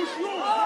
Kuş yok.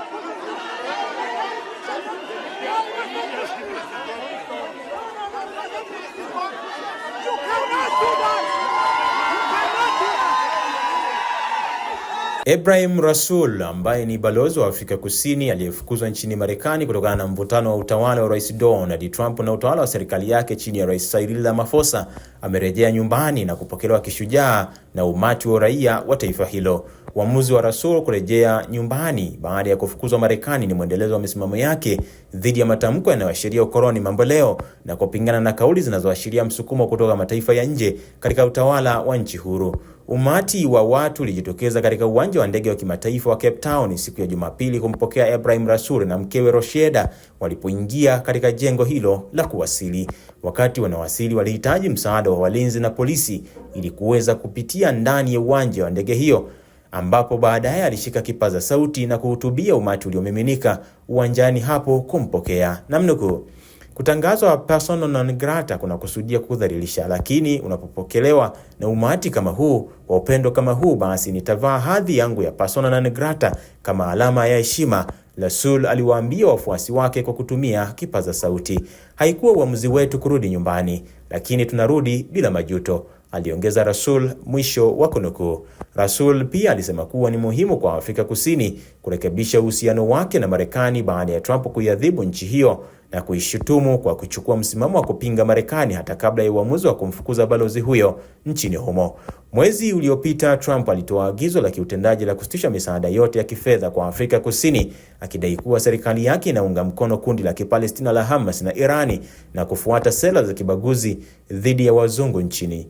Ebrahim Rasool ambaye ni balozi wa Afrika Kusini aliyefukuzwa nchini Marekani kutokana na mvutano wa utawala wa Rais Donald Trump na utawala wa serikali yake chini ya Rais Cyril Ramaphosa amerejea nyumbani na kupokelewa kishujaa na umati wa raia wa taifa hilo. Uamuzi wa Rasool kurejea nyumbani baada ya kufukuzwa Marekani ni mwendelezo wa misimamo yake dhidi ya matamko yanayoashiria ukoloni mamboleo na kupingana na kauli zinazoashiria msukumo kutoka mataifa ya nje katika utawala wa nchi huru. Umati wa watu ulijitokeza katika uwanja wa ndege wa kimataifa wa Cape Town siku ya Jumapili kumpokea Ibrahim Rasool na mkewe Rosheda walipoingia katika jengo hilo la kuwasili. Wakati wanawasili, walihitaji msaada wa walinzi na polisi ili kuweza kupitia ndani ya uwanja wa ndege hiyo, ambapo baadaye alishika kipaza sauti na kuhutubia umati uliomiminika uwanjani hapo kumpokea. namnuku Kutangazwa persona non grata kunakusudia kudhalilisha, lakini unapopokelewa na umati kama huu wa upendo kama huu, basi nitavaa hadhi yangu ya persona non grata kama alama ya heshima, Rasul aliwaambia wafuasi wake kwa kutumia kipaza sauti. Haikuwa uamuzi wetu kurudi nyumbani, lakini tunarudi bila majuto, aliongeza Rasul, mwisho wa kunukuu. Rasul pia alisema kuwa ni muhimu kwa Afrika Kusini kurekebisha uhusiano wake na Marekani baada ya Trump kuiadhibu nchi hiyo na kuishutumu kwa kuchukua msimamo wa kupinga Marekani hata kabla ya uamuzi wa kumfukuza balozi huyo nchini humo. Mwezi uliopita, Trump alitoa agizo la kiutendaji la kusitisha misaada yote ya kifedha kwa Afrika Kusini, akidai kuwa serikali yake inaunga mkono kundi la Kipalestina la Hamas na Irani na kufuata sera za kibaguzi dhidi ya wazungu nchini.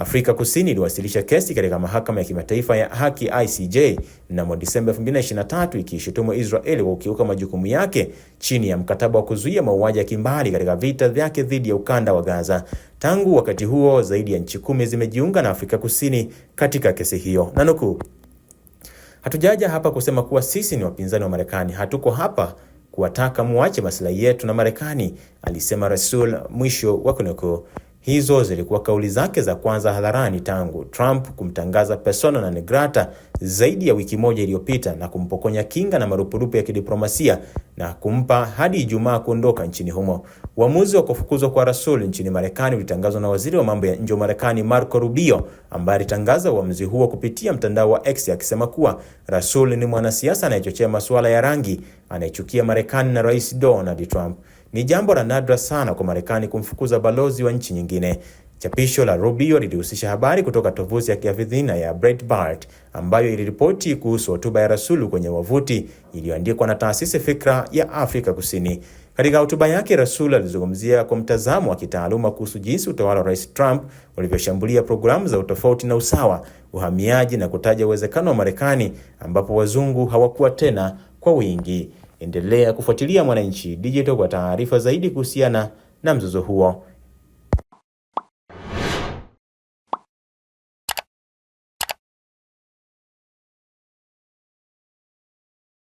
Afrika Kusini iliwasilisha kesi katika mahakama ya kimataifa ya haki ICJ mnamo Disemba 2023 ikiishutumu Israeli kwa kukiuka majukumu yake chini ya mkataba wa kuzuia mauaji ya kimbari katika vita vyake dhidi ya ukanda wa Gaza. Tangu wakati huo, zaidi ya nchi kumi zimejiunga na Afrika Kusini katika kesi hiyo. Nanukuu, hatujaja hapa kusema kuwa sisi ni wapinzani wa Marekani, hatuko hapa kuwataka muache maslahi yetu na Marekani, alisema Rasul, mwisho wa kunukuu. Hizo zilikuwa kauli zake za kwanza hadharani tangu Trump kumtangaza persona non grata zaidi ya wiki moja iliyopita na kumpokonya kinga na marupurupu ya kidiplomasia na kumpa hadi Ijumaa kuondoka nchini humo. Uamuzi wa kufukuzwa kwa Rasul nchini Marekani ulitangazwa na waziri wa mambo ya nje wa Marekani Marco Rubio, ambaye alitangaza uamuzi huo kupitia mtandao wa X akisema kuwa Rasul ni mwanasiasa anayechochea masuala ya rangi, anayechukia Marekani na Rais Donald Trump. Ni jambo la nadra sana kwa Marekani kumfukuza balozi wa nchi nyingine. Chapisho la Rubio lilihusisha habari kutoka tovuti ya kihafidhina ya Breitbart ambayo iliripoti kuhusu hotuba ya Rasulu kwenye wavuti iliyoandikwa na taasisi Fikra ya Afrika Kusini. Katika hotuba yake, Rasul alizungumzia kwa mtazamo wa kitaaluma kuhusu jinsi utawala wa Rais Trump ulivyoshambulia programu za utofauti na usawa, uhamiaji na kutaja uwezekano wa Marekani ambapo wazungu hawakuwa tena kwa wingi. Endelea kufuatilia Mwananchi Digital kwa taarifa zaidi kuhusiana na mzozo huo.